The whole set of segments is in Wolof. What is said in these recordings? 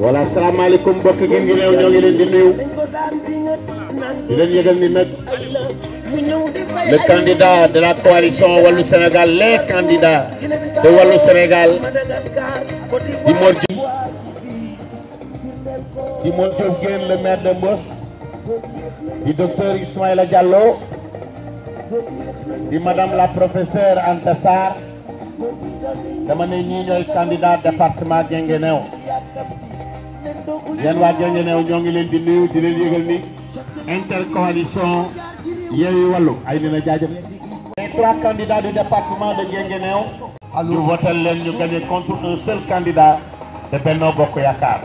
voilà salaamaaleykum mbokk gi ngi réew ñoo ngi leen di nuyu di leen yëgal ni nag le candidat de la coalition Walu Sénégal les candidats de Walu Sénégal di Mor Diouf di Mor le maire de Mboss di docteur Ismaïla Diallo di madame la professeure Anta Sarr dama ne ñii ñooy candidat département Guinguinéo yéen waa Guinguinéo ñoo ngi leen di nuyu di leen yëgal ni intercoalition Yewwi Wallu ay li na jaajëf les trois candidats du département de Guinguinéo ñu voté leen ñu gagné contre un seul candidat de Benno Bokk Yaakaar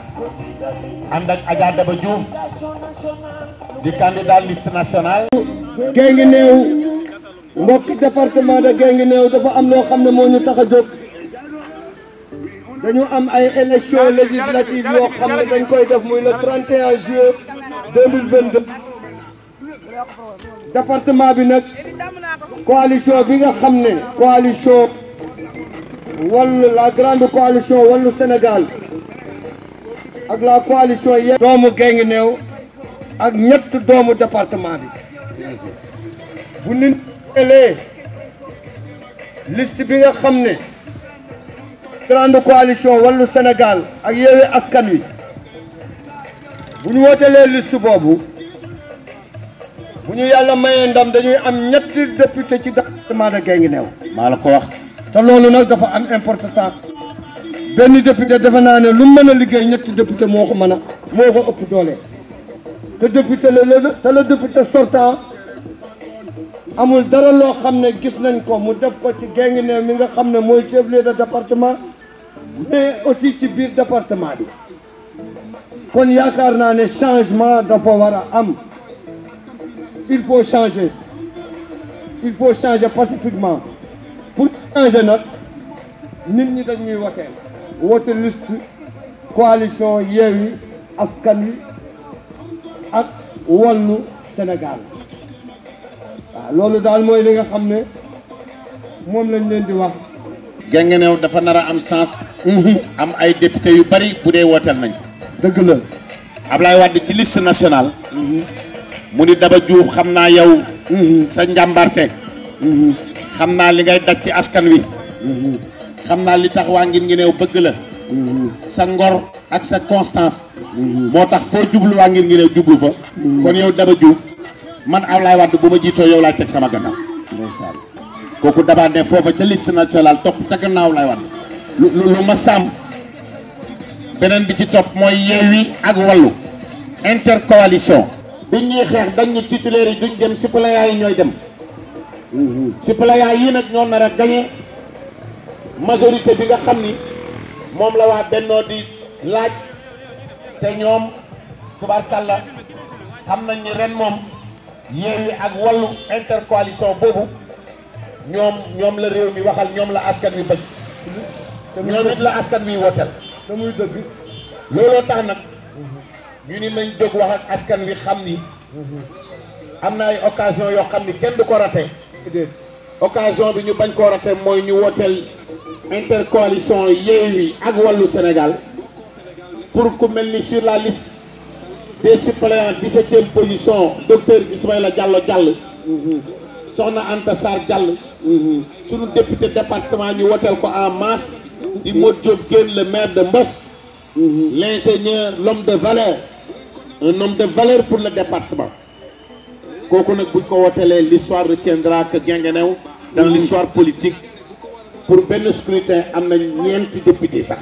ànd ak Adja Daba Diouf di candidat liste nationale Guinguinéo mbokk département de new dafa am lo xamne mo ñu tax jóg dañu am ay élections législatives yo xamne dañ koy def muy le 31 juillet 2022 département bi nak coalition bi nga xamne coalition Wallu la grande coalition Wallu Sénégal ak la coalition yé doomu new ak ñett doomu département bi bu nit rappeler liste bi nga xam ne grande coalition wàllu Sénégal ak Yewwi Askan Wi bu ñu wootelee liste boobu bu ñu yàlla mayee ndam dañuy am ñetti député ci département de Guinguinéo maa la ko wax te loolu nag dafa am importance benn député defe naa ne lu mën a liggéey ñetti député moo ko mën a moo ko ëpp doole te député la te le député sortant amul dara loo xam ne gis nañ ko mu def ko ci Guinguinéo mi nga xam ne mooy chef lieu de département mais aussi ci biir département bi kon yaakaar naa ne changement dafa war a am il faut changer il faut changer pacifiquement pour changer nag nit ñi dañuy woteel wote liste coalition Yewwi Askan Wi ak Wallu Sénégal loolu daal mooy li xam ne moom lañ leen di wax. Guinguinéo dafa nara a am sens. am ay député yu bari bu dee wooteel nañ dëgg la. Ablaye Wade ci liste nationale. mu ni Daba Diouf xam naa yow. sa njàmbarte. xam naa li ngay daj ci askan wi. xam naa li tax waa Guinguinéo bëgg la. sa ngor ak sa constance. moo tax foo jublu waa Guinguinéo jublu fa. kon yow Daba Diouf. man Ablaye Wade bu ma jiitoo yow laay teg sama gannaaw. ndeysaan kooku damaa ne foofa ca liste nationale topp ca gannaaw Ablaye Wade lu lu ma sàmm beneen bi ci topp mooy Yewwi ak Wallu intercoalition. biñ ñuy xeex dañ ñu titulaire yi duñ dem suppléants yi ñooy dem. yi nag ñoo na a gagné majorité bi nga xam ni moom la waa Bennoo di laaj te ñoom tubaarkàlla xam nañ ni ren moom. Yewwi ak Wallu intercoalition boobu ñoom ñoom la réew mi waxal ñoom la askan wi bëgg ñoom it la askan wi woteel te muy dëgg looloo tax nag ñu ni nañ jóg wax ak askan wi xam ni am na ay occasion yoo xam ni kenn du ko raté occasion bi ñu bañ koo raté mooy ñu woteel intercoalition Yewwi ak Wallu Sénégal pour ku mel ni sur la liste des en 17e position docteur Ismaël Diallo Diall son Anta Sarr Sur le député département ñu a ko en masse di le maire de Moss. l'ingénieur l'homme de valeur un homme de valeur pour le département l'histoire retiendra que dans l'histoire politique pour Benoît scrutin a na député sax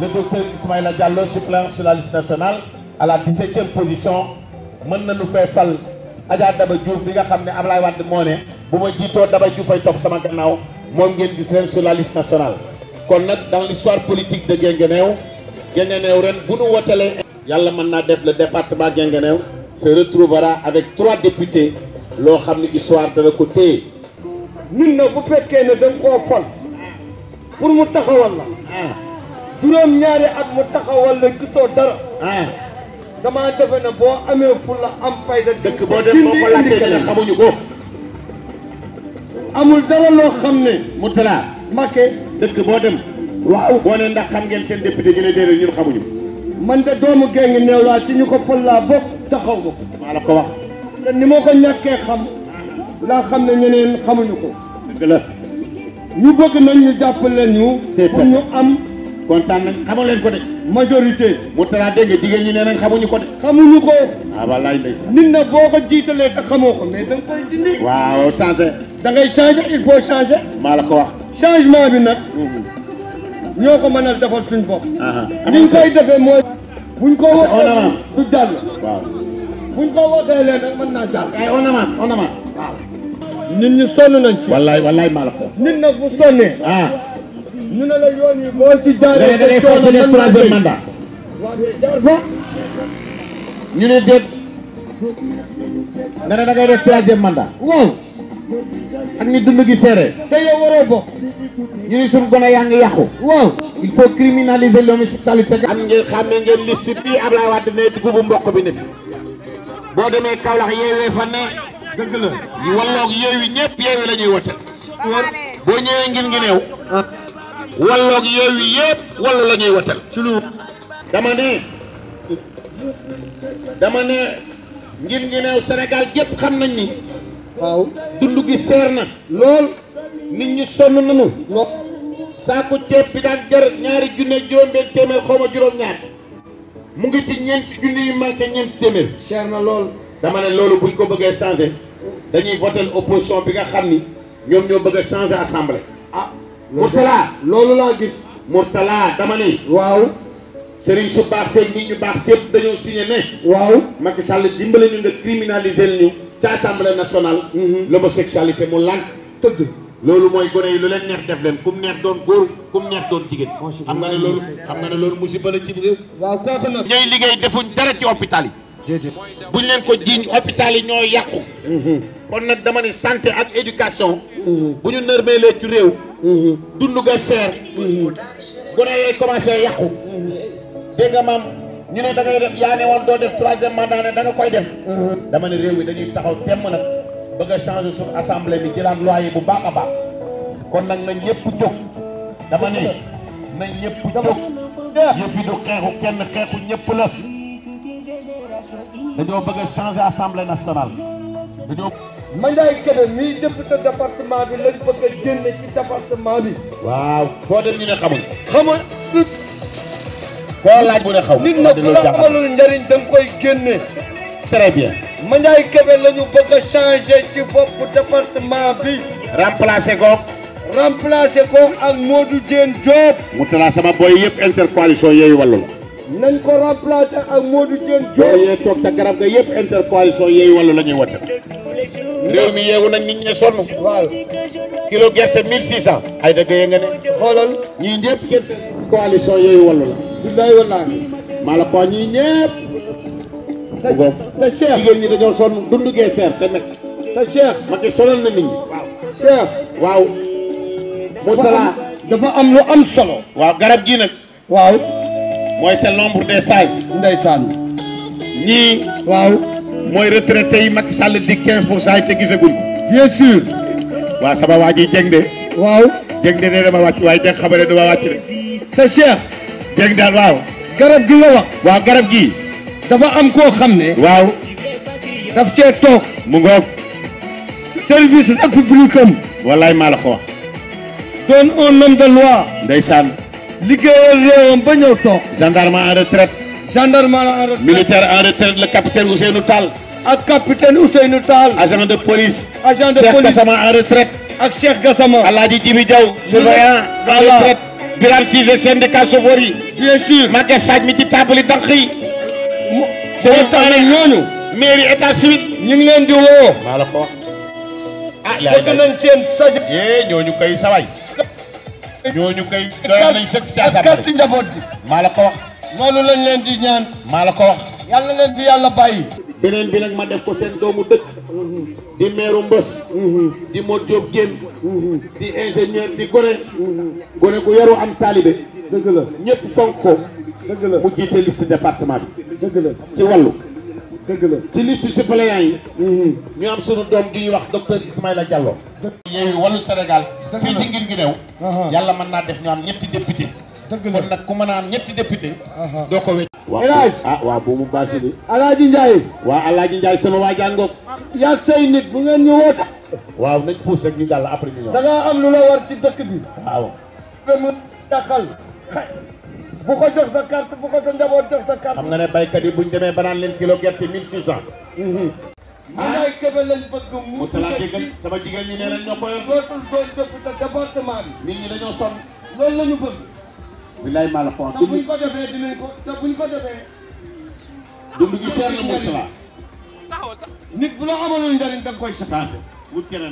le docteur Ismaïla Diallo, suppléant sur la liste nationale, à la 17e position, maintenant nous faisons fal Adja Daba Diouf bi nga xam ne Ablaye Wade moo ne bu ma de Daba Diouf ay top, sama gannaaw moom ngeen gis sur la liste nationale. kon nag dans l'histoire politique de Guinguinéo Guinguinéo ren bu nu Yalla yàlla def le département Guinguinéo se retrouvera avec trois députés loo xam ne histoire Nous ko pouvons pas nag bu fekkee ne da nga de fal pour mu taxawal ah. juróom ñaari at mu taxawal la gisoo dara. Ah. damaa defe ne boo amee pour la am fayda. dëkk boo dem boo ko laajtee ne xamuñu ko. amul dara loo xam dëkk boo dem. waaw boo ne ndax xam ngeen seen député ñu ne déedéet ñun xamuñu. man de doomu géej néew ci ñu ko pël laa bokk taxaw ko. maa la ko wax. te ni ma ko ñàkkee xam. laa xam ne ñeneen xamuñu ko. dëgg la. ñu bëgg nañ ñu jàppale ñu. pour ñu am. kontaan nañ xamu leen ko de majorité mu tara dégg jigéen ñi nee nañ xamuñu ko de xamuñu ko ah wallaay ndeysaan nit na boo ko jiitalee ta xamoo ko mais da nga koy dindi waaw da changé il maa la ko wax changement bi nag mhm. ñoo ko a defal suñ bopp ni ñu koy defee mooy buñ ko wootee du jàll waaw buñ ko wootee leen rek mën naa jàll eh, on avance on avance waaw nit nañ si wallaay maa la ko nit nag bu sonnee ah. ñu ne la yoon yi da ngay fas yéene troisième mandat ñu ne déet nee na da ngay def troisième mandat waaw ak ni dund gi seere te yow waroo bokk ñu ne suñu gone yaa ngi yàqu waaw il faut criminaliser l'homosexualité am ngeen xàmmee ngeen liste bii Abdoulaye Wade ne dugub mboq bi ne fi boo demee Kaolack yeewee fan ne dëgg la walloog yeewi ñëpp yeewi la ñuy wote boo ñëwee ngin ngi neew ah. walloog yeewi yëpp wala la lañuy watal ci lu dama ne dama ne ngir ngi neew Sénégal gépp xam nañ ni waaw dund gi seer na lool nit ñi sonn nañu saako ceeb bi daan jar ñaari junne juróom-benn téeméer xaw juróom-ñaar mu ngi ci ñeenti junne yu manqué ñeenti téeméer cher na lool dama ne loolu buñ ko bëggee changé dañuy voter opposition bi nga xam ni ñoom ñoo bëgg a changé assemblée ah. Mourtala loolu laa gis. Mourtala dama ni. waaw. Serigne su baax seeg nit ñu baax sépp dañoo signé ne. waaw Macky Sall dimbale ñu nga criminaliser ñu. ci assemblée nationale. Mhm. l'homosexualité mu lànk tëdd. loolu mooy gone yi lu leen neex def leen kum neex doon góor kum neex doon jigéen. xam nga ne loolu xam nga ne loolu musiba la ci réew. waaw kooku nag. ñooy liggéey defuñ dara ci hôpital yi. déedéet buñ leen ko jiiñ hôpital yi ñoo yàqu. Mhm. kon nag dama ne santé ak éducation. Mhm. bu ñu nërmeelee ci réew. dund ga seer gone yee commencé yàqu dégg nga ñu ne da ngay def yaa ne woon doo def troisième mandat ne da nga koy def dama ne réew mi dañuy taxaw temm nag bëgg a changer suñu assemblée bi jëlaat loi yi bu baax a baax kon nag na ñëpp jóg dama ne na ñëpp jóg yëf yi xeexu kenn xeexu dañoo bëgg a changer assemblée national dañoo Mandiaye Kébé mii député département bi lañ bëgg a génne ci département bi. waaw foo dem ñu ne xamul. xama laaj bu ne xamul. nit nag bu la amalul njëriñ da koy génne. très bien. Mandiaye Kébé la ñu bëgg a changé ci boppu département bi. remplacé ko. remplacé ko ak Modou Dieng Diop. mu talaa sama boy yëpp intercoalition yooyu wàllu la. nañ ko remplacé ak Modou Dieng Diop. booy yee toog ta garab ga yëpp intercoalition yooyu wàllu la ñuy réew mi yeewu nag nit ñi sonu kilo gerte 1600. ay dëgg yee nga ne. xoolal ñii ñëpp gerte. coalition yooyu walu la. billaay day wala mala pa ñi ñëpp. ta Cheikh jigéen ñi dañu son dundu gee seer te métti. ta Cheikh. ma ngi sonal na nit ñi. Cheikh. waaw. mo tala dafa am lu am solo. waaw garab gi nak waaw. moy c'est l'ombre des sages. ndaysan ñii. waaw moy retraité yi salle di 15 pour cent te gisaguñ ko. bien sûr. wa sama waa ji jeng de. waaw jeng de nee na ma wàcc waaye jeng xamane du ma wàcc de. Cheikh. jeng dal waaw. garab gi nga wax. wa garab gi. dafa am ko xamné ne. waaw. daf ci tok mu ngok service ak publicum wallahi mala ko wax. un homme de loi. ndaysan liggéeyal rewam ba ñew tok gendarme en retraite. gendarme en retraite. militaire en retraite le capitaine Ousseynou Tall. A capitaine Ousseynou agent de police. agent de police Gassama en retraite. Avec Cheikh Gassama. surveillant en retraite. 6 et syndicat de bien sûr mi nous mairie woo. la ah Nous là beneen bi nag ma def ko seen doomu dëkk di meeru mbës di Modou Diop Génn di ingénieur di gone gone gu yaru am taalibe dëgg la ñëpp fonk ko dëgg la mu jiite liste département bi dëgg la ci wàllu ci liste suppléant yi mhm. ñu am sunu doom di ñuy wax docteur Ismaïla Diallo yeewi wàllu Sénégal fii ci ngir ngi yàlla mën naa def ñu am ñetti député kon nag ku mën a am ñetti député doo ko wecc waa ah waaw boobu baasi de. Alaaji Ndiaye. waa Alaaji Ndiaye sama waa jàngoog. yaa say nit bu ngeen ñu woote. waaw nañ puus rek ñu jàll après ñu ñëw. am lu la war ci dëkk bi. waaw. ba mu dàqal. bu ko jox sa carte bu ko sa njaboot jox sa carte. xam nga ne baykat yi bu ñu demee ba naan leen kilo gerte mille six cent. Mhm. Ablaye ah. Kébé mu tuddati sama jigéen ñi nee nañ bilaay maa la ko wax. te buñ ko defee dinañ ko te buñ ko defee. dund gi seer la Mourtala. nit bu la amaloon njëriñ da nga koy changé.